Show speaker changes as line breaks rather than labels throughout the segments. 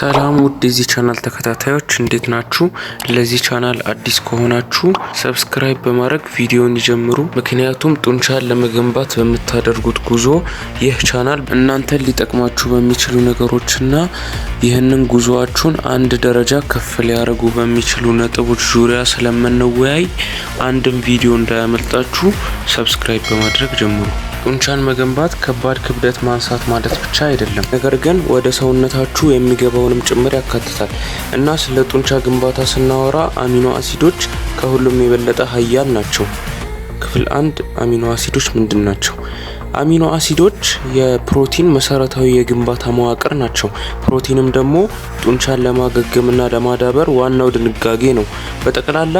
ሰላም ውድ የዚህ ቻናል ተከታታዮች እንዴት ናችሁ? ለዚህ ቻናል አዲስ ከሆናችሁ ሰብስክራይብ በማድረግ ቪዲዮን ይጀምሩ። ምክንያቱም ጡንቻን ለመገንባት በምታደርጉት ጉዞ ይህ ቻናል እናንተን ሊጠቅማችሁ በሚችሉ ነገሮችና ይህንን ጉዞአችሁን አንድ ደረጃ ከፍ ሊያደርጉ በሚችሉ ነጥቦች ዙሪያ ስለምንወያይ አንድም ቪዲዮ እንዳያመልጣችሁ ሰብስክራይብ በማድረግ ጀምሩ። ጡንቻን መገንባት ከባድ ክብደት ማንሳት ማለት ብቻ አይደለም፣ ነገር ግን ወደ ሰውነታችሁ የሚገባውንም ጭምር ያካትታል እና ስለ ጡንቻ ግንባታ ስናወራ አሚኖ አሲዶች ከሁሉም የበለጠ ሀያል ናቸው። ክፍል አንድ አሚኖ አሲዶች ምንድን ናቸው? አሚኖ አሲዶች የፕሮቲን መሰረታዊ የግንባታ መዋቅር ናቸው። ፕሮቲንም ደግሞ ጡንቻን ለማገገምና ለማዳበር ዋናው ድንጋጌ ነው። በጠቅላላ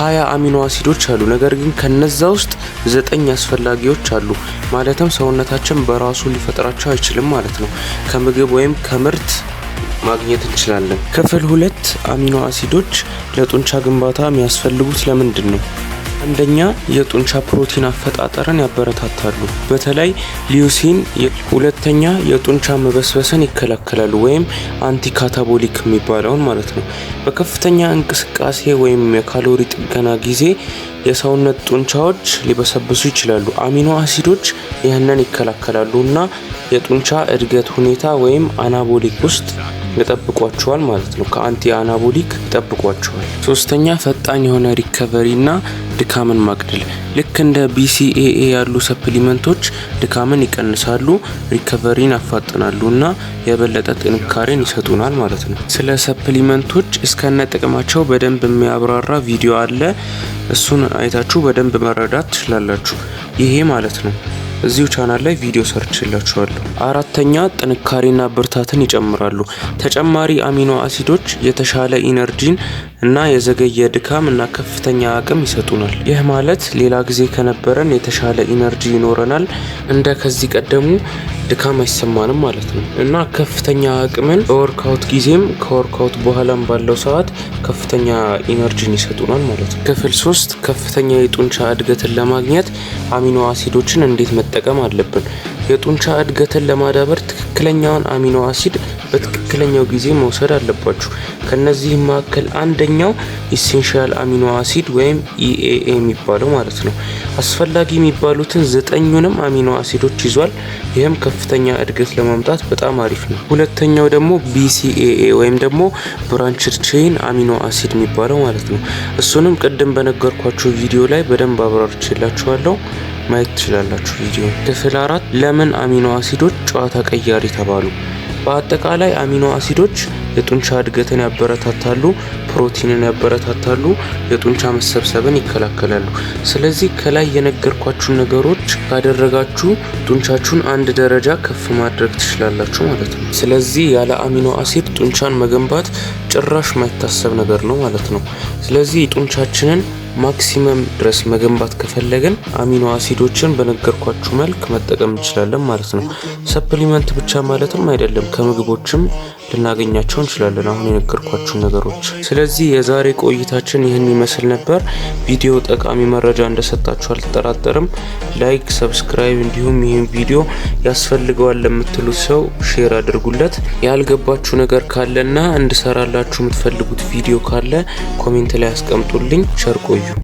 ሀያ አሚኖ አሲዶች አሉ። ነገር ግን ከነዛ ውስጥ ዘጠኝ አስፈላጊዎች አሉ። ማለትም ሰውነታችን በራሱ ሊፈጥራቸው አይችልም ማለት ነው። ከምግብ ወይም ከምርት ማግኘት እንችላለን። ክፍል ሁለት አሚኖ አሲዶች ለጡንቻ ግንባታ የሚያስፈልጉት ለምንድን ነው? አንደኛ የጡንቻ ፕሮቲን አፈጣጠርን ያበረታታሉ፣ በተለይ ሊዩሲን። ሁለተኛ የጡንቻ መበስበስን ይከላከላሉ፣ ወይም አንቲካታቦሊክ የሚባለውን ማለት ነው። በከፍተኛ እንቅስቃሴ ወይም የካሎሪ ጥገና ጊዜ የሰውነት ጡንቻዎች ሊበሰብሱ ይችላሉ። አሚኖ አሲዶች ይህንን ይከላከላሉ እና የጡንቻ እድገት ሁኔታ ወይም አናቦሊክ ውስጥ ይጠብቋቸዋል ማለት ነው። ከአንቲ አናቦሊክ ይጠብቋቸዋል። ሶስተኛ ፈጣን የሆነ ሪከቨሪ እና ድካምን ማግደል ልክ እንደ ቢሲኤኤ ያሉ ሰፕሊመንቶች ድካምን ይቀንሳሉ፣ ሪከቨሪን ያፋጥናሉ እና የበለጠ ጥንካሬን ይሰጡናል ማለት ነው። ስለ ሰፕሊመንቶች እስከነ ጥቅማቸው በደንብ የሚያብራራ ቪዲዮ አለ። እሱን አይታችሁ በደንብ መረዳት ትችላላችሁ። ይሄ ማለት ነው እዚሁ ቻናል ላይ ቪዲዮ ሰርችላችኋለሁ። አራተኛ ጥንካሬና ብርታትን ይጨምራሉ። ተጨማሪ አሚኖ አሲዶች የተሻለ ኢነርጂን እና የዘገየ ድካም እና ከፍተኛ አቅም ይሰጡናል። ይህ ማለት ሌላ ጊዜ ከነበረን የተሻለ ኢነርጂ ይኖረናል እንደ ከዚህ ቀደሙ ድካም አይሰማንም ማለት ነው እና ከፍተኛ አቅምን በወርካውት ጊዜም ከወርካውት በኋላም ባለው ሰዓት ከፍተኛ ኢነርጂን ይሰጡናል ማለት ነው። ክፍል ሶስት ከፍተኛ የጡንቻ እድገትን ለማግኘት አሚኖ አሲዶችን እንዴት መጠቀም አለብን? የጡንቻ እድገትን ለማዳበር ትክክለኛውን አሚኖ አሲድ በትክክለኛው ጊዜ መውሰድ አለባችሁ። ከነዚህም መካከል አንደኛው ኢሴንሻል አሚኖ አሲድ ወይም ኢኤኤ የሚባለው ማለት ነው። አስፈላጊ የሚባሉትን ዘጠኙንም አሚኖ አሲዶች ይዟል። ይህም ከፍተኛ እድገት ለማምጣት በጣም አሪፍ ነው። ሁለተኛው ደግሞ ቢሲኤኤ ወይም ደግሞ ብራንችድ ቼይን አሚኖ አሲድ የሚባለው ማለት ነው። እሱንም ቅድም በነገርኳቸው ቪዲዮ ላይ በደንብ አብራርቼላችኋለሁ። ማየት ትችላላችሁ ቪዲዮ። ክፍል አራት ለምን አሚኖ አሲዶች ጨዋታ ቀያሪ ተባሉ? በአጠቃላይ አሚኖ አሲዶች የጡንቻ እድገትን ያበረታታሉ፣ ፕሮቲንን ያበረታታሉ፣ የጡንቻ መሰብሰብን ይከላከላሉ። ስለዚህ ከላይ የነገርኳችሁን ነገሮች ካደረጋችሁ ጡንቻችሁን አንድ ደረጃ ከፍ ማድረግ ትችላላችሁ ማለት ነው። ስለዚህ ያለ አሚኖ አሲድ ጡንቻን መገንባት ጭራሽ ማይታሰብ ነገር ነው ማለት ነው። ስለዚህ ጡንቻችንን ማክሲመም ድረስ መገንባት ከፈለግን አሚኖ አሲዶችን በነገርኳችሁ መልክ መጠቀም እንችላለን ማለት ነው። ሰፕሊመንት ብቻ ማለትም አይደለም፣ ከምግቦችም ልናገኛቸው እንችላለን፣ አሁን የነገርኳችሁን ነገሮች። ስለዚህ የዛሬ ቆይታችን ይህን ይመስል ነበር። ቪዲዮ ጠቃሚ መረጃ እንደሰጣችሁ አልጠራጠርም። ላይክ፣ ሰብስክራይብ እንዲሁም ይህን ቪዲዮ ያስፈልገዋል ለምትሉት ሰው ሼር አድርጉለት። ያልገባችሁ ነገር ካለና እንድሰራላችሁ የምትፈልጉት ቪዲዮ ካለ ኮሜንት ላይ አስቀምጡልኝ። ቸር ቆዩ።